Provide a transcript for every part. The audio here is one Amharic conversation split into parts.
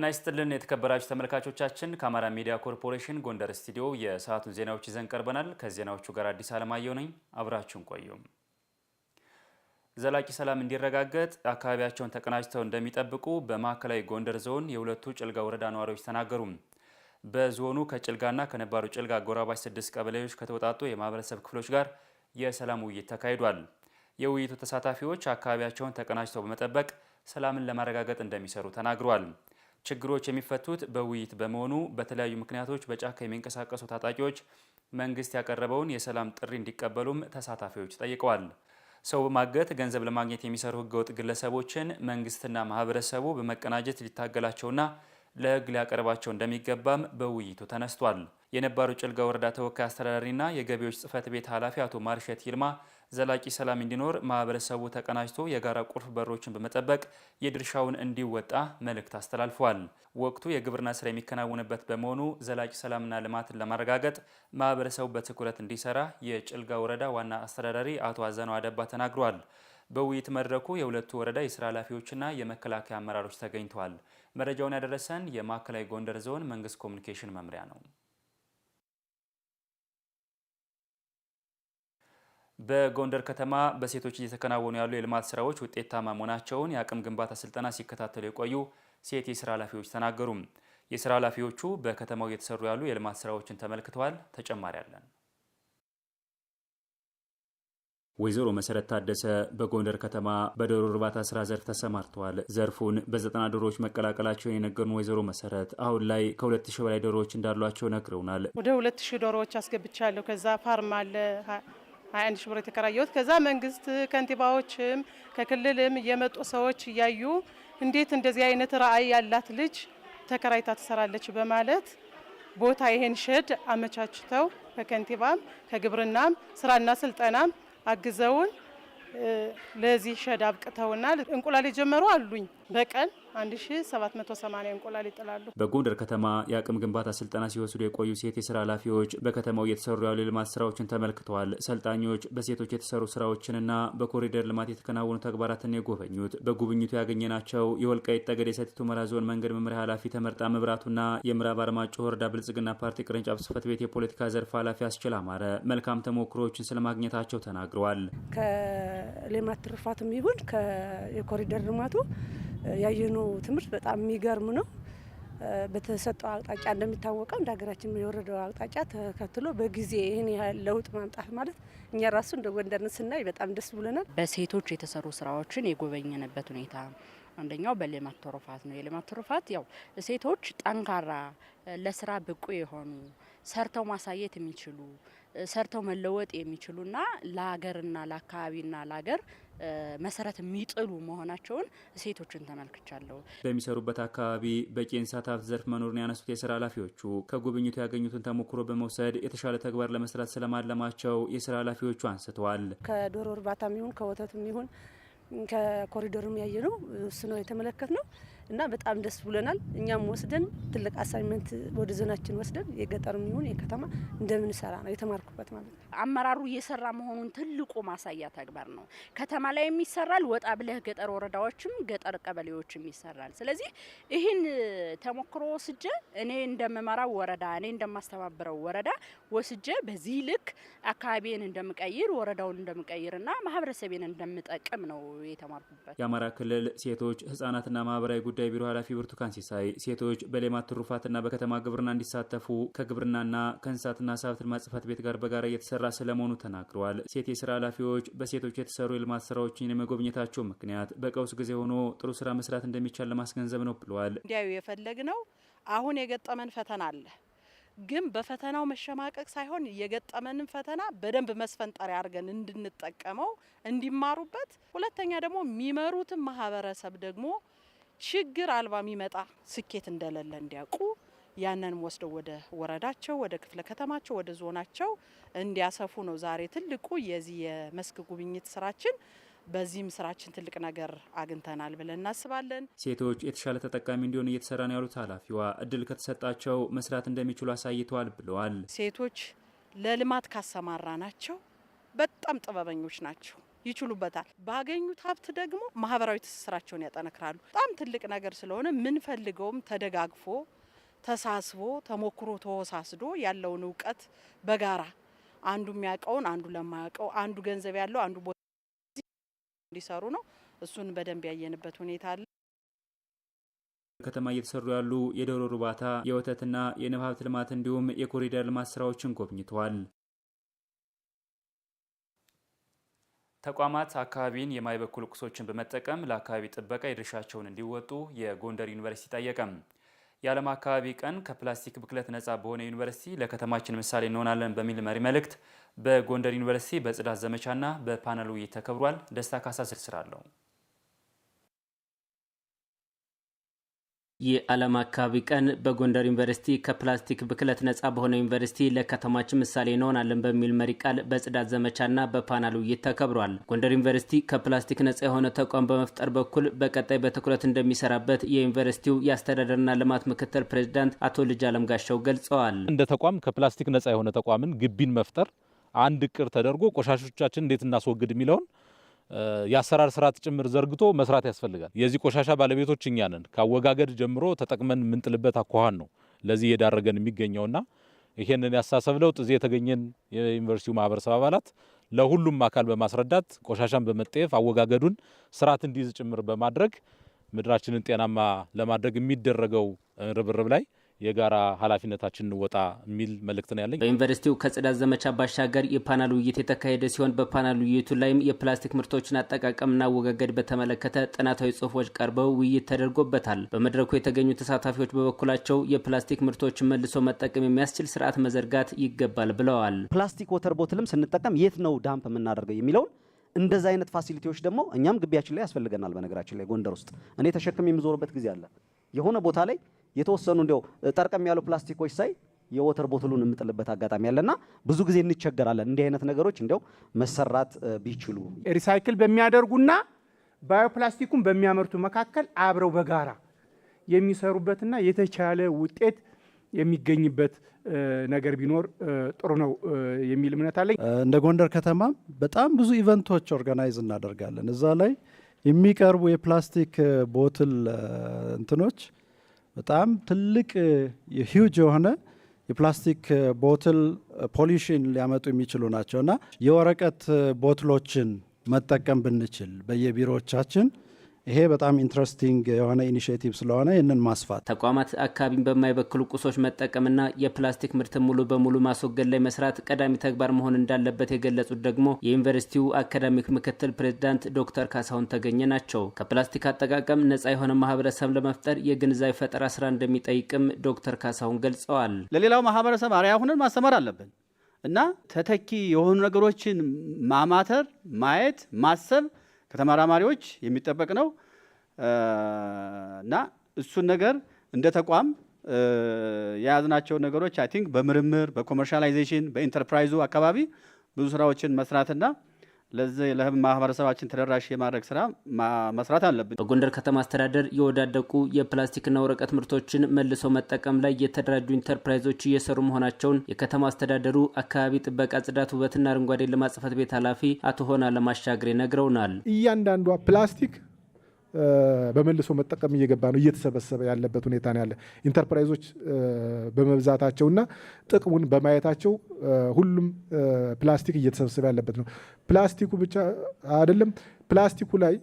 ጤና ይስጥልን የተከበራችሁ ተመልካቾቻችን፣ ከአማራ ሚዲያ ኮርፖሬሽን ጎንደር ስቱዲዮ የሰዓቱን ዜናዎች ይዘን ቀርበናል። ከዜናዎቹ ጋር አዲስ አለማየሁ ነኝ። አብራችሁን ቆዩ። ዘላቂ ሰላም እንዲረጋገጥ አካባቢያቸውን ተቀናጅተው እንደሚጠብቁ በማዕከላዊ ጎንደር ዞን የሁለቱ ጭልጋ ወረዳ ነዋሪዎች ተናገሩ። በዞኑ ከጭልጋና ከነባሩ ጭልጋ ጎራባች ስድስት ቀበሌዎች ከተወጣጡ የማህበረሰብ ክፍሎች ጋር የሰላም ውይይት ተካሂዷል። የውይይቱ ተሳታፊዎች አካባቢያቸውን ተቀናጅተው በመጠበቅ ሰላምን ለማረጋገጥ እንደሚሰሩ ተናግረዋል። ችግሮች የሚፈቱት በውይይት በመሆኑ በተለያዩ ምክንያቶች በጫካ የሚንቀሳቀሱ ታጣቂዎች መንግስት ያቀረበውን የሰላም ጥሪ እንዲቀበሉም ተሳታፊዎች ጠይቀዋል። ሰው በማገት ገንዘብ ለማግኘት የሚሰሩ ህገወጥ ግለሰቦችን መንግስትና ማህበረሰቡ በመቀናጀት ሊታገላቸውና ለህግ ሊያቀርባቸው እንደሚገባም በውይይቱ ተነስቷል። የነባሩ ጭልጋ ወረዳ ተወካይ አስተዳዳሪና የገቢዎች ጽህፈት ቤት ኃላፊ አቶ ማርሸት ይልማ ዘላቂ ሰላም እንዲኖር ማህበረሰቡ ተቀናጅቶ የጋራ ቁልፍ በሮችን በመጠበቅ የድርሻውን እንዲወጣ መልእክት አስተላልፏል። ወቅቱ የግብርና ስራ የሚከናወንበት በመሆኑ ዘላቂ ሰላምና ልማትን ለማረጋገጥ ማህበረሰቡ በትኩረት እንዲሰራ የጭልጋ ወረዳ ዋና አስተዳዳሪ አቶ አዘነው አደባ ተናግሯል። በውይይት መድረኩ የሁለቱ ወረዳ የስራ ኃላፊዎችና የመከላከያ አመራሮች ተገኝተዋል። መረጃውን ያደረሰን የማዕከላዊ ጎንደር ዞን መንግስት ኮሚኒኬሽን መምሪያ ነው። በጎንደር ከተማ በሴቶች እየተከናወኑ ያሉ የልማት ስራዎች ውጤታማ መሆናቸውን የአቅም ግንባታ ስልጠና ሲከታተሉ የቆዩ ሴት የስራ ኃላፊዎች ተናገሩ። የስራ ኃላፊዎቹ በከተማው እየተሰሩ ያሉ የልማት ስራዎችን ተመልክተዋል። ተጨማሪ አለን። ወይዘሮ መሰረት ታደሰ በጎንደር ከተማ በዶሮ እርባታ ስራ ዘርፍ ተሰማርተዋል። ዘርፉን በዘጠና ዶሮዎች መቀላቀላቸውን የነገሩን ወይዘሮ መሰረት አሁን ላይ ከሁለት ሺህ በላይ ዶሮዎች እንዳሏቸው ነግረውናል። ወደ ሁለት ሺህ ዶሮዎች አስገብቻለሁ። ከዛ ፋርም አለ ሀያ አንድ ሺ ብር የተከራየሁት። ከዛ መንግስት ከንቲባዎችም ከክልልም እየመጡ ሰዎች እያዩ እንዴት እንደዚህ አይነት ራዕይ ያላት ልጅ ተከራይታ ትሰራለች በማለት ቦታ ይሄን ሸድ አመቻችተው ከከንቲባም ከግብርናም ስራና ስልጠናም አግዘውን ለዚህ ሸድ አብቅተውናል። እንቁላል የጀመሩ አሉኝ በቀን 1780 እንቁላል ይጥላሉ። በጎንደር ከተማ የአቅም ግንባታ ስልጠና ሲወስዱ የቆዩ ሴት የስራ ኃላፊዎች በከተማው እየተሰሩ ያሉ የልማት ስራዎችን ተመልክተዋል። ሰልጣኞች በሴቶች የተሰሩ ስራዎችንና በኮሪደር ልማት የተከናወኑ ተግባራትን የጎበኙት። በጉብኝቱ ያገኘናቸው የወልቃይት ጠገዴ ሰቲት ሁመራ ዞን መንገድ መምሪያ ኃላፊ ተመርጣ መብራቱና የምዕራብ አርማጭሆ ወረዳ ብልጽግና ፓርቲ ቅርንጫፍ ጽህፈት ቤት የፖለቲካ ዘርፍ ኃላፊ አስችል አማረ መልካም ተሞክሮዎችን ስለማግኘታቸው ተናግረዋል። ከሌማት ትሩፋትም ይሁን የኮሪደር ልማቱ ያየነው ትምህርት በጣም የሚገርም ነው። በተሰጠው አቅጣጫ እንደሚታወቀው እንደ ሀገራችን የወረደው አቅጣጫ ተከትሎ በጊዜ ይህን ያህል ለውጥ ማምጣት ማለት እኛ ራሱ እንደ ጎንደርን ስናይ በጣም ደስ ብሎናል። በሴቶች የተሰሩ ስራዎችን የጎበኘንበት ሁኔታ አንደኛው በሌማት ትሩፋት ነው። የሌማት ትሩፋት ያው ሴቶች ጠንካራ፣ ለስራ ብቁ የሆኑ ሰርተው ማሳየት የሚችሉ ሰርተው መለወጥ የሚችሉና ለሀገርና ለአካባቢና ለሀገር መሰረት የሚጥሉ መሆናቸውን ሴቶችን ተመልክቻለሁ። በሚሰሩበት አካባቢ በቂ የእንስሳት ሀብት ዘርፍ መኖሩን ያነሱት የስራ ኃላፊዎቹ ከጉብኝቱ ያገኙትን ተሞክሮ በመውሰድ የተሻለ ተግባር ለመስራት ስለማለማቸው የስራ ኃላፊዎቹ አንስተዋል። ከዶሮ እርባታም ይሁን ከወተትም ይሁን ከኮሪደሩም ያየ ነው፣ እሱ ነው የተመለከት ነው። እና በጣም ደስ ብሎናል። እኛም ወስደን ትልቅ አሳይመንት ወደ ዞናችን ወስደን የገጠርም የሚሆን የከተማ እንደምንሰራ ነው የተማርኩበት ማለት ነው። አመራሩ እየሰራ መሆኑን ትልቁ ማሳያ ተግባር ነው። ከተማ ላይ ይሰራል፣ ወጣ ብለህ ገጠር ወረዳዎችም ገጠር ቀበሌዎችም ይሰራል። ስለዚህ ይህን ተሞክሮ ወስጄ እኔ እንደምመራው ወረዳ እኔ እንደማስተባብረው ወረዳ ወስጄ በዚህ ልክ አካባቢን እንደምቀይር ወረዳውን እንደምቀይርና ማህበረሰቤን እንደምጠቅም ነው የተማርኩበት። የአማራ ክልል ሴቶች ህጻናትና ማህበራዊ ጉዳይ ቢሮ ኃላፊ ብርቱካን ሲሳይ ሴቶች በሌማት ትሩፋትና በከተማ ግብርና እንዲሳተፉ ከግብርናና ከእንስሳትና ዓሳ ሀብት ልማት ጽሕፈት ቤት ጋር በጋራ እየተሰራ ስለመሆኑ ተናግረዋል። ሴት የስራ ኃላፊዎች በሴቶች የተሰሩ የልማት ስራዎችን የመጎብኘታቸው ምክንያት በቀውስ ጊዜ ሆኖ ጥሩ ስራ መስራት እንደሚቻል ለማስገንዘብ ነው ብለዋል። እንዲያዩ የፈለግ ነው። አሁን የገጠመን ፈተና አለ ግን በፈተናው መሸማቀቅ ሳይሆን የገጠመንን ፈተና በደንብ መስፈንጠሪያ አድርገን እንድንጠቀመው እንዲማሩበት፣ ሁለተኛ ደግሞ የሚመሩትን ማህበረሰብ ደግሞ ችግር አልባ የሚመጣ ስኬት እንደሌለ እንዲያውቁ ያንንም ወስደው ወደ ወረዳቸው፣ ወደ ክፍለ ከተማቸው፣ ወደ ዞናቸው እንዲያሰፉ ነው ዛሬ ትልቁ የዚህ የመስክ ጉብኝት ስራችን። በዚህም ስራችን ትልቅ ነገር አግኝተናል ብለን እናስባለን። ሴቶች የተሻለ ተጠቃሚ እንዲሆን እየተሰራ ነው ያሉት ኃላፊዋ እድል ከተሰጣቸው መስራት እንደሚችሉ አሳይተዋል ብለዋል። ሴቶች ለልማት ካሰማራ ናቸው በጣም ጥበበኞች ናቸው። ይችሉበታል። ባገኙት ሀብት ደግሞ ማህበራዊ ትስስራቸውን ያጠነክራሉ። በጣም ትልቅ ነገር ስለሆነ ምንፈልገውም ተደጋግፎ ተሳስቦ ተሞክሮ ተወሳስዶ ያለውን እውቀት በጋራ አንዱ የሚያውቀውን አንዱ ለማያውቀው አንዱ ገንዘብ ያለው አንዱ ቦታ እንዲሰሩ ነው። እሱን በደንብ ያየንበት ሁኔታ አለ። ከተማ እየተሰሩ ያሉ የዶሮ እርባታ፣ የወተትና የንብ ሀብት ልማት እንዲሁም የኮሪደር ልማት ስራዎችን ጎብኝተዋል። ተቋማት አካባቢን የማይበክሉ ቁሶችን በመጠቀም ለአካባቢ ጥበቃ የድርሻቸውን እንዲወጡ የጎንደር ዩኒቨርሲቲ ጠየቀም። የዓለም አካባቢ ቀን ከፕላስቲክ ብክለት ነፃ በሆነ ዩኒቨርሲቲ ለከተማችን ምሳሌ እንሆናለን በሚል መሪ መልእክት በጎንደር ዩኒቨርሲቲ በጽዳት ዘመቻና በፓነል ውይይት ተከብሯል። ደስታ ካሳ ስርስር አለው የዓለም አካባቢ ቀን በጎንደር ዩኒቨርሲቲ ከፕላስቲክ ብክለት ነጻ በሆነ ዩኒቨርሲቲ ለከተማችን ምሳሌ እንሆናለን በሚል መሪ ቃል በጽዳት ዘመቻና በፓናል ውይይት ተከብሯል። ጎንደር ዩኒቨርሲቲ ከፕላስቲክ ነጻ የሆነ ተቋም በመፍጠር በኩል በቀጣይ በትኩረት እንደሚሰራበት የዩኒቨርሲቲው የአስተዳደርና ልማት ምክትል ፕሬዚዳንት አቶ ልጅ አለም ጋሻው ገልጸዋል። እንደ ተቋም ከፕላስቲክ ነጻ የሆነ ተቋምን ግቢን መፍጠር አንድ እቅድ ተደርጎ ቆሻሾቻችን እንዴት እናስወግድ የሚለውን የአሰራር ስርዓት ጭምር ዘርግቶ መስራት ያስፈልጋል። የዚህ ቆሻሻ ባለቤቶች እኛ ነን። ካወጋገድ ጀምሮ ተጠቅመን የምንጥልበት አኳኋን ነው ለዚህ የዳረገን የሚገኘውና ይሄንን ያሳሰብ ለውጥ እዚህ የተገኘን የዩኒቨርሲቲው ማህበረሰብ አባላት ለሁሉም አካል በማስረዳት ቆሻሻን በመጠየፍ አወጋገዱን ስርዓት እንዲይዝ ጭምር በማድረግ ምድራችንን ጤናማ ለማድረግ የሚደረገው ርብርብ ላይ የጋራ ኃላፊነታችን እንወጣ የሚል መልእክት ነው ያለኝ። በዩኒቨርሲቲው ከጽዳት ዘመቻ ባሻገር የፓናል ውይይት የተካሄደ ሲሆን በፓናል ውይይቱ ላይም የፕላስቲክ ምርቶችን አጠቃቀምና አወጋገድ በተመለከተ ጥናታዊ ጽሁፎች ቀርበው ውይይት ተደርጎበታል። በመድረኩ የተገኙ ተሳታፊዎች በበኩላቸው የፕላስቲክ ምርቶችን መልሶ መጠቀም የሚያስችል ስርዓት መዘርጋት ይገባል ብለዋል። ፕላስቲክ ወተር ቦትልም ስንጠቀም የት ነው ዳምፕ የምናደርገው የሚለውን እንደዛ አይነት ፋሲሊቲዎች ደግሞ እኛም ግቢያችን ላይ ያስፈልገናል። በነገራችን ላይ ጎንደር ውስጥ እኔ ተሸክም የምዞርበት ጊዜ አለ የሆነ ቦታ ላይ የተወሰኑ እንዲያው ጠርቀም ያሉ ፕላስቲኮች ሳይ የወተር ቦትሉን የምጥልበት አጋጣሚ ያለና ብዙ ጊዜ እንቸገራለን። እንዲህ አይነት ነገሮች እንዲያው መሰራት ቢችሉ ሪሳይክል በሚያደርጉና ባዮፕላስቲኩን በሚያመርቱ መካከል አብረው በጋራ የሚሰሩበትና የተቻለ ውጤት የሚገኝበት ነገር ቢኖር ጥሩ ነው የሚል እምነት አለኝ። እንደ ጎንደር ከተማ በጣም ብዙ ኢቨንቶች ኦርጋናይዝ እናደርጋለን። እዛ ላይ የሚቀርቡ የፕላስቲክ ቦትል እንትኖች በጣም ትልቅ ሂውጅ የሆነ የፕላስቲክ ቦትል ፖሊሽን ሊያመጡ የሚችሉ ናቸው እና የወረቀት ቦትሎችን መጠቀም ብንችል በየቢሮዎቻችን ይሄ በጣም ኢንትረስቲንግ የሆነ ኢኒሽቲቭ ስለሆነ ይህንን ማስፋት ተቋማት አካባቢን በማይበክሉ ቁሶች መጠቀምና የፕላስቲክ ምርትን ሙሉ በሙሉ ማስወገድ ላይ መስራት ቀዳሚ ተግባር መሆን እንዳለበት የገለጹት ደግሞ የዩኒቨርሲቲው አካዳሚክ ምክትል ፕሬዚዳንት ዶክተር ካሳሁን ተገኘ ናቸው። ከፕላስቲክ አጠቃቀም ነጻ የሆነ ማህበረሰብ ለመፍጠር የግንዛቤ ፈጠራ ስራ እንደሚጠይቅም ዶክተር ካሳሁን ገልጸዋል። ለሌላው ማህበረሰብ አርአያ ሆነን ማስተማር አለብን እና ተተኪ የሆኑ ነገሮችን ማማተር፣ ማየት፣ ማሰብ ከተመራማሪዎች የሚጠበቅ ነው እና እሱን ነገር እንደ ተቋም የያዝናቸው ነገሮች አይ ቲንክ በምርምር በኮመርሻላይዜሽን በኢንተርፕራይዙ አካባቢ ብዙ ስራዎችን መስራትና ለዚህ ለህብ ማህበረሰባችን ተደራሽ የማድረግ ስራ መስራት አለብን። በጎንደር ከተማ አስተዳደር የወዳደቁ የፕላስቲክና ወረቀት ምርቶችን መልሶ መጠቀም ላይ የተደራጁ ኢንተርፕራይዞች እየሰሩ መሆናቸውን የከተማ አስተዳደሩ አካባቢ ጥበቃ፣ ጽዳት፣ ውበትና አረንጓዴ ልማት ቤት ኃላፊ አቶ ሆና ለማሻገር ነግረውናል። እያንዳንዷ ፕላስቲክ በመልሶ መጠቀም እየገባ ነው እየተሰበሰበ ያለበት ሁኔታ ነው ያለ። ኢንተርፕራይዞች በመብዛታቸውና ጥቅሙን በማየታቸው ሁሉም ፕላስቲክ እየተሰበሰበ ያለበት ነው። ፕላስቲኩ ብቻ አይደለም፣ ፕላስቲኩ ላይ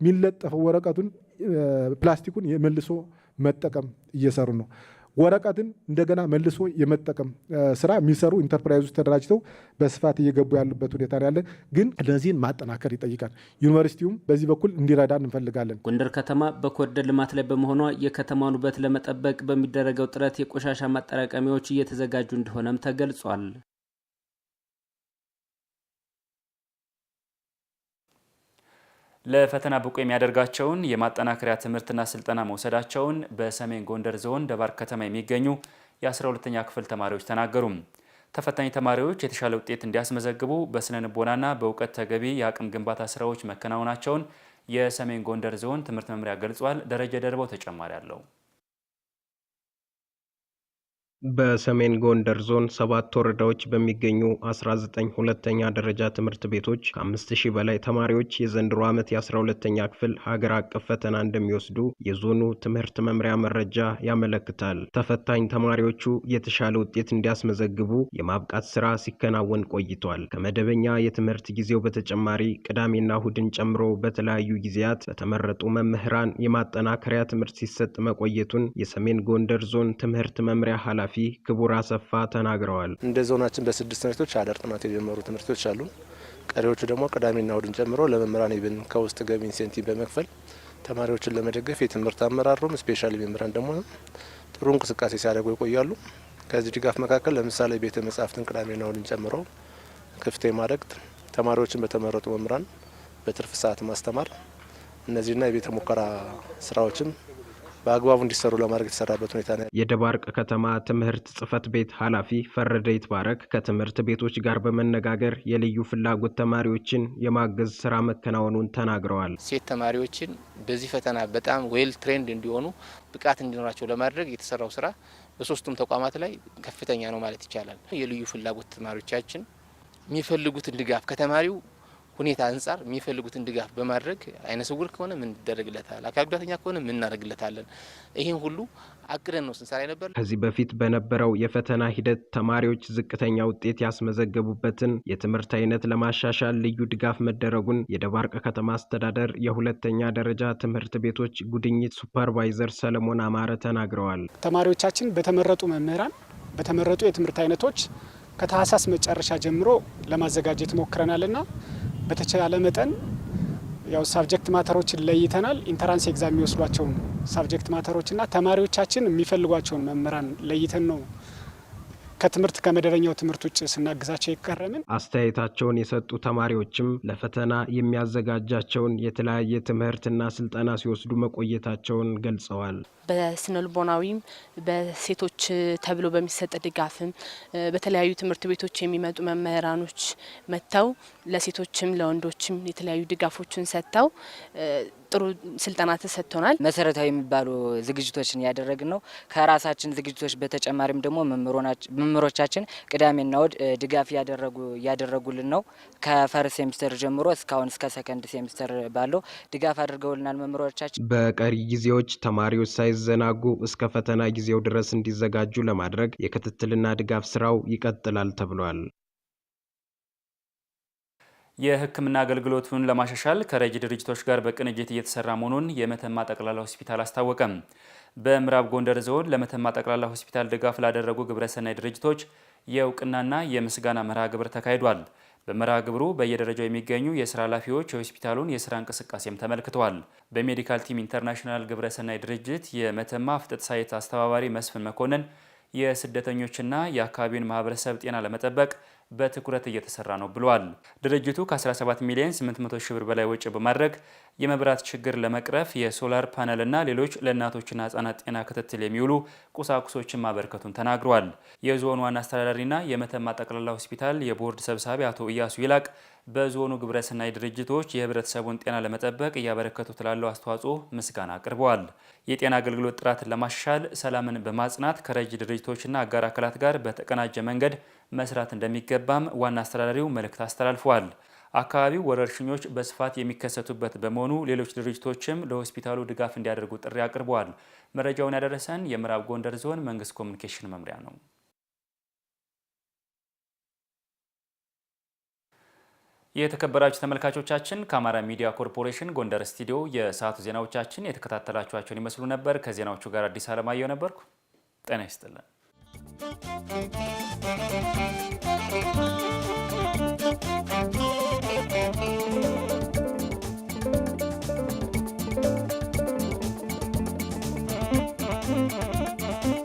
የሚለጠፈው ወረቀቱን ፕላስቲኩን የመልሶ መጠቀም እየሰሩ ነው። ወረቀትን እንደገና መልሶ የመጠቀም ስራ የሚሰሩ ኢንተርፕራይዞች ተደራጅተው በስፋት እየገቡ ያሉበት ሁኔታ ያለ፣ ግን እነዚህን ማጠናከር ይጠይቃል። ዩኒቨርሲቲውም በዚህ በኩል እንዲረዳን እንፈልጋለን። ጎንደር ከተማ በኮሪደር ልማት ላይ በመሆኗ የከተማዋን ውበት ለመጠበቅ በሚደረገው ጥረት የቆሻሻ ማጠራቀሚያዎች እየተዘጋጁ እንደሆነም ተገልጿል። ለፈተና ብቁ የሚያደርጋቸውን የማጠናከሪያ ትምህርትና ስልጠና መውሰዳቸውን በሰሜን ጎንደር ዞን ደባርቅ ከተማ የሚገኙ የ12ኛ ክፍል ተማሪዎች ተናገሩ። ተፈታኝ ተማሪዎች የተሻለ ውጤት እንዲያስመዘግቡ በስነ ንቦናና በእውቀት ተገቢ የአቅም ግንባታ ስራዎች መከናወናቸውን የሰሜን ጎንደር ዞን ትምህርት መምሪያ ገልጿል። ደረጀ ደርበው ተጨማሪ አለው። በሰሜን ጎንደር ዞን ሰባት ወረዳዎች በሚገኙ 19 ሁለተኛ ደረጃ ትምህርት ቤቶች ከአምስት ሺህ በላይ ተማሪዎች የዘንድሮ ዓመት የ12ተኛ ክፍል ሀገር አቀፍ ፈተና እንደሚወስዱ የዞኑ ትምህርት መምሪያ መረጃ ያመለክታል። ተፈታኝ ተማሪዎቹ የተሻለ ውጤት እንዲያስመዘግቡ የማብቃት ስራ ሲከናወን ቆይቷል። ከመደበኛ የትምህርት ጊዜው በተጨማሪ ቅዳሜና እሁድን ጨምሮ በተለያዩ ጊዜያት በተመረጡ መምህራን የማጠናከሪያ ትምህርት ሲሰጥ መቆየቱን የሰሜን ጎንደር ዞን ትምህርት መምሪያ ኃላፊ ኃላፊ ክቡር አሰፋ ተናግረዋል። እንደ ዞናችን በስድስት ትምህርቶች አዳር ጥናት የጀመሩ ትምህርቶች አሉ። ቀሪዎቹ ደግሞ ቅዳሜና እሁድን ጨምሮ ለመምህራን ብን ከውስጥ ገቢ ኢንሴንቲቭ በመክፈል ተማሪዎችን ለመደገፍ የትምህርት አመራሩም ስፔሻል መምህራን ደግሞ ጥሩ እንቅስቃሴ ሲያደርጉ ይቆያሉ። ከዚህ ድጋፍ መካከል ለምሳሌ ቤተ መጻሕፍትን ቅዳሜና እሁድን ጨምሮ ክፍቴ ማድረግ፣ ተማሪዎችን በተመረጡ መምህራን በትርፍ ሰዓት ማስተማር እነዚህና የቤተ ሙከራ ስራዎችን በአግባቡ እንዲሰሩ ለማድረግ የተሰራበት ሁኔታ ነው። የደባርቅ ከተማ ትምህርት ጽህፈት ቤት ኃላፊ ፈረደ ይትባረክ ከትምህርት ቤቶች ጋር በመነጋገር የልዩ ፍላጎት ተማሪዎችን የማገዝ ስራ መከናወኑን ተናግረዋል። ሴት ተማሪዎችን በዚህ ፈተና በጣም ዌል ትሬንድ እንዲሆኑ ብቃት እንዲኖራቸው ለማድረግ የተሰራው ስራ በሶስቱም ተቋማት ላይ ከፍተኛ ነው ማለት ይቻላል። የልዩ ፍላጎት ተማሪዎቻችን የሚፈልጉትን ድጋፍ ከተማሪው ሁኔታ አንጻር የሚፈልጉትን ድጋፍ በማድረግ አይነ ስውር ከሆነ ምን ይደረግለታል፣ አካል ጉዳተኛ ከሆነ ምን እናደርግለታለን፣ ይህን ሁሉ አቅደን ነው ስንሰራ ነበር። ከዚህ በፊት በነበረው የፈተና ሂደት ተማሪዎች ዝቅተኛ ውጤት ያስመዘገቡበትን የትምህርት አይነት ለማሻሻል ልዩ ድጋፍ መደረጉን የደባርቅ ከተማ አስተዳደር የሁለተኛ ደረጃ ትምህርት ቤቶች ጉድኝት ሱፐርቫይዘር ሰለሞን አማረ ተናግረዋል። ተማሪዎቻችን በተመረጡ መምህራን በተመረጡ የትምህርት አይነቶች ከታህሳስ መጨረሻ ጀምሮ ለማዘጋጀት ሞክረናልና በተቻለ መጠን ያው ሳብጀክት ማተሮችን ለይተናል። ኢንተራንስ ኤግዛም የሚወስዷቸውን ሳብጀክት ማተሮችና ተማሪዎቻችን የሚፈልጓቸውን መምህራን ለይተን ነው ከትምህርት ከመደበኛው ትምህርት ውጭ ስናግዛቸው ይቀረምን። አስተያየታቸውን የሰጡ ተማሪዎችም ለፈተና የሚያዘጋጃቸውን የተለያየ ትምህርትና ስልጠና ሲወስዱ መቆየታቸውን ገልጸዋል። በስነልቦናዊም በሴቶች ተብሎ በሚሰጥ ድጋፍም በተለያዩ ትምህርት ቤቶች የሚመጡ መምህራኖች መጥተው ለሴቶችም ለወንዶችም የተለያዩ ድጋፎችን ሰጥተው ጥሩ ስልጠና ተሰጥቶናል። መሰረታዊ የሚባሉ ዝግጅቶችን ያደረግን ነው። ከራሳችን ዝግጅቶች በተጨማሪም ደግሞ መምህሮቻችን ቅዳሜና እሁድ ድጋፍ እያደረጉልን ነው። ከፈርስት ሴሚስተር ጀምሮ እስካሁን እስከ ሰከንድ ሴሚስተር ባለው ድጋፍ አድርገውልናል መምህሮቻችን። በቀሪ ጊዜዎች ተማሪዎች ሳይ እንዳይዘናጉ እስከ ፈተና ጊዜው ድረስ እንዲዘጋጁ ለማድረግ የክትትልና ድጋፍ ስራው ይቀጥላል ተብሏል። የሕክምና አገልግሎቱን ለማሻሻል ከረጅ ድርጅቶች ጋር በቅንጅት እየተሰራ መሆኑን የመተማ ጠቅላላ ሆስፒታል አስታወቀም። በምዕራብ ጎንደር ዞን ለመተማ ጠቅላላ ሆስፒታል ድጋፍ ላደረጉ ግብረሰናይ ድርጅቶች የእውቅናና የምስጋና መርሃ ግብር ተካሂዷል። በመርሃ ግብሩ በየደረጃው የሚገኙ የስራ ኃላፊዎች የሆስፒታሉን የስራ እንቅስቃሴም ተመልክተዋል። በሜዲካል ቲም ኢንተርናሽናል ግብረሰናይ ድርጅት የመተማ ፍጥጥ ሳይት አስተባባሪ መስፍን መኮንን የስደተኞችና የአካባቢውን ማህበረሰብ ጤና ለመጠበቅ በትኩረት እየተሰራ ነው ብለዋል። ድርጅቱ ከ17 ሚሊዮን 800 ሺህ ብር በላይ ወጪ በማድረግ የመብራት ችግር ለመቅረፍ የሶላር ፓነልና ሌሎች ለእናቶችና ህጻናት ጤና ክትትል የሚውሉ ቁሳቁሶችን ማበርከቱን ተናግረዋል። የዞኑ ዋና አስተዳዳሪና የመተማ ጠቅላላ ሆስፒታል የቦርድ ሰብሳቢ አቶ እያሱ ይላቅ በዞኑ ግብረሰናይ ድርጅቶች የህብረተሰቡን ጤና ለመጠበቅ እያበረከቱት ላለው አስተዋጽኦ ምስጋና አቅርበዋል። የጤና አገልግሎት ጥራትን ለማሻሻል ሰላምን በማጽናት ከረጅ ድርጅቶችና አጋር አካላት ጋር በተቀናጀ መንገድ መስራት እንደሚገባም ዋና አስተዳዳሪው መልእክት አስተላልፈዋል። አካባቢው ወረርሽኞች በስፋት የሚከሰቱበት በመሆኑ ሌሎች ድርጅቶችም ለሆስፒታሉ ድጋፍ እንዲያደርጉ ጥሪ አቅርበዋል። መረጃውን ያደረሰን የምዕራብ ጎንደር ዞን መንግስት ኮሚኒኬሽን መምሪያ ነው። የተከበራችሁ ተመልካቾቻችን ከአማራ ሚዲያ ኮርፖሬሽን ጎንደር ስቱዲዮ የሰዓቱ ዜናዎቻችን የተከታተላችኋቸውን ይመስሉ ነበር። ከዜናዎቹ ጋር አዲስ አለማየሁ ነበርኩ። ጤና ይስጥልን።